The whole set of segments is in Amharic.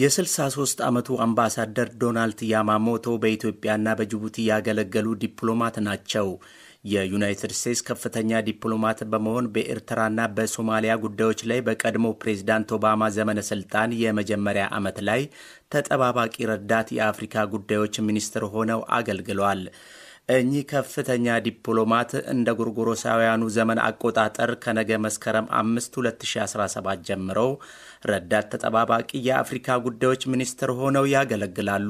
የ63 ዓመቱ አምባሳደር ዶናልድ ያማሞቶ በኢትዮጵያና በጅቡቲ ያገለገሉ ዲፕሎማት ናቸው። የዩናይትድ ስቴትስ ከፍተኛ ዲፕሎማት በመሆን በኤርትራና በሶማሊያ ጉዳዮች ላይ በቀድሞ ፕሬዝዳንት ኦባማ ዘመነ ስልጣን የመጀመሪያ ዓመት ላይ ተጠባባቂ ረዳት የአፍሪካ ጉዳዮች ሚኒስትር ሆነው አገልግሏል። እኚህ ከፍተኛ ዲፕሎማት እንደ ጎርጎሮሳውያኑ ዘመን አቆጣጠር ከነገ መስከረም 5 2017 ጀምረው ረዳት ተጠባባቂ የአፍሪካ ጉዳዮች ሚኒስትር ሆነው ያገለግላሉ።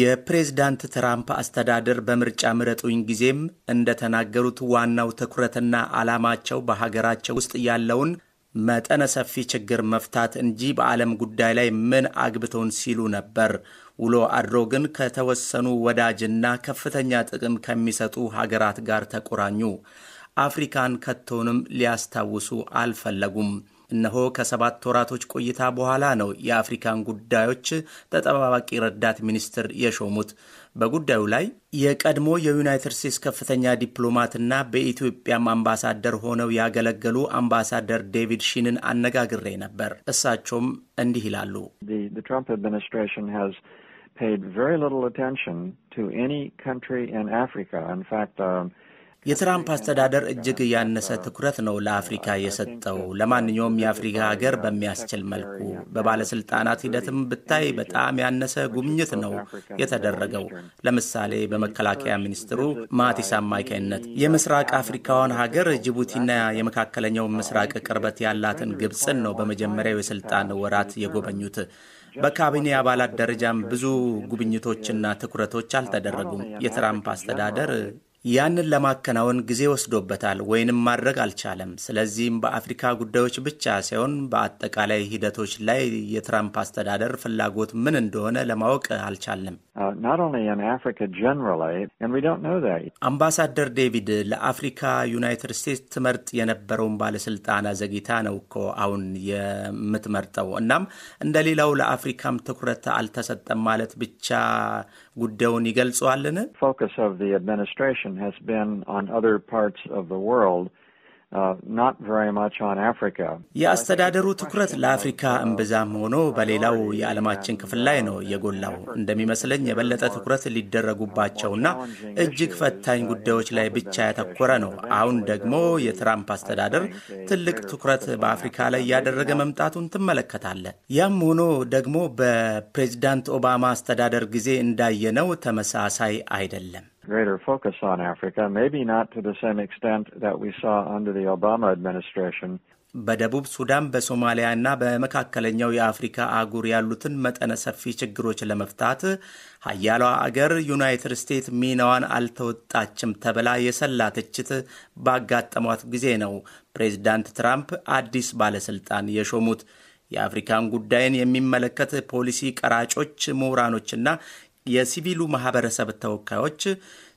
የፕሬዝዳንት ትራምፕ አስተዳደር በምርጫ ምረጡኝ ጊዜም እንደተናገሩት ዋናው ትኩረትና ዓላማቸው በሀገራቸው ውስጥ ያለውን መጠነ ሰፊ ችግር መፍታት እንጂ በዓለም ጉዳይ ላይ ምን አግብተውን ሲሉ ነበር። ውሎ አድሮ ግን ከተወሰኑ ወዳጅና ከፍተኛ ጥቅም ከሚሰጡ ሀገራት ጋር ተቆራኙ። አፍሪካን ከቶንም ሊያስታውሱ አልፈለጉም። እነሆ ከሰባት ወራቶች ቆይታ በኋላ ነው የአፍሪካን ጉዳዮች ተጠባባቂ ረዳት ሚኒስትር የሾሙት። በጉዳዩ ላይ የቀድሞ የዩናይትድ ስቴትስ ከፍተኛ ዲፕሎማትና በኢትዮጵያም አምባሳደር ሆነው ያገለገሉ አምባሳደር ዴቪድ ሺንን አነጋግሬ ነበር። እሳቸውም እንዲህ ይላሉ። paid very የትራምፕ አስተዳደር እጅግ ያነሰ ትኩረት ነው ለአፍሪካ የሰጠው። ለማንኛውም የአፍሪካ ሀገር በሚያስችል መልኩ በባለስልጣናት ሂደትም ብታይ በጣም ያነሰ ጉብኝት ነው የተደረገው። ለምሳሌ በመከላከያ ሚኒስትሩ ማቲስ አማካይነት የምስራቅ አፍሪካውን ሀገር ጅቡቲና የመካከለኛው ምስራቅ ቅርበት ያላትን ግብፅን ነው በመጀመሪያው የስልጣን ወራት የጎበኙት። በካቢኔ አባላት ደረጃም ብዙ ጉብኝቶችና ትኩረቶች አልተደረጉም። የትራምፕ አስተዳደር ያንን ለማከናወን ጊዜ ወስዶበታል ወይንም ማድረግ አልቻለም። ስለዚህም በአፍሪካ ጉዳዮች ብቻ ሳይሆን በአጠቃላይ ሂደቶች ላይ የትራምፕ አስተዳደር ፍላጎት ምን እንደሆነ ለማወቅ አልቻለም። uh, አምባሳደር ዴቪድ ለአፍሪካ ዩናይትድ ስቴትስ ትመርጥ የነበረውን ባለስልጣን ዘግይታ ነው እኮ አሁን የምትመርጠው። እናም እንደሌላው ለአፍሪካም ትኩረት አልተሰጠም ማለት ብቻ ጉዳዩን ይገልጸዋልን? Uh, የአስተዳደሩ ትኩረት ለአፍሪካ እምብዛም ሆኖ በሌላው የዓለማችን ክፍል ላይ ነው የጎላው። እንደሚመስለኝ የበለጠ ትኩረት ሊደረጉባቸውና እጅግ ፈታኝ ጉዳዮች ላይ ብቻ ያተኮረ ነው። አሁን ደግሞ የትራምፕ አስተዳደር ትልቅ ትኩረት በአፍሪካ ላይ እያደረገ መምጣቱን ትመለከታለህ። ያም ሆኖ ደግሞ በፕሬዚዳንት ኦባማ አስተዳደር ጊዜ እንዳየነው ተመሳሳይ አይደለም። greater focus on Africa, maybe not to the same extent that we saw under the Obama administration. በደቡብ ሱዳን በሶማሊያ በሶማሊያና በመካከለኛው የአፍሪካ አጉር ያሉትን መጠነ ሰፊ ችግሮች ለመፍታት ሀያሏ አገር ዩናይትድ ስቴትስ ሚናዋን አልተወጣችም ተብላ የሰላ ትችት ባጋጠሟት ጊዜ ነው ፕሬዚዳንት ትራምፕ አዲስ ባለስልጣን የሾሙት። የአፍሪካን ጉዳይን የሚመለከት ፖሊሲ ቀራጮች፣ ምሁራኖችና የሲቪሉ ማህበረሰብ ተወካዮች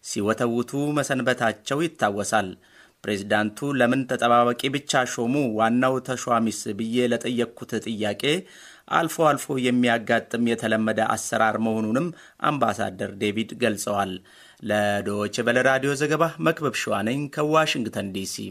ሲወተውቱ መሰንበታቸው ይታወሳል። ፕሬዚዳንቱ ለምን ተጠባባቂ ብቻ ሾሙ? ዋናው ተሿሚስ ብዬ ለጠየቅኩት ጥያቄ አልፎ አልፎ የሚያጋጥም የተለመደ አሰራር መሆኑንም አምባሳደር ዴቪድ ገልጸዋል። ለዶች በለ ራዲዮ ዘገባ መክበብ ሸዋነኝ ከዋሽንግተን ዲሲ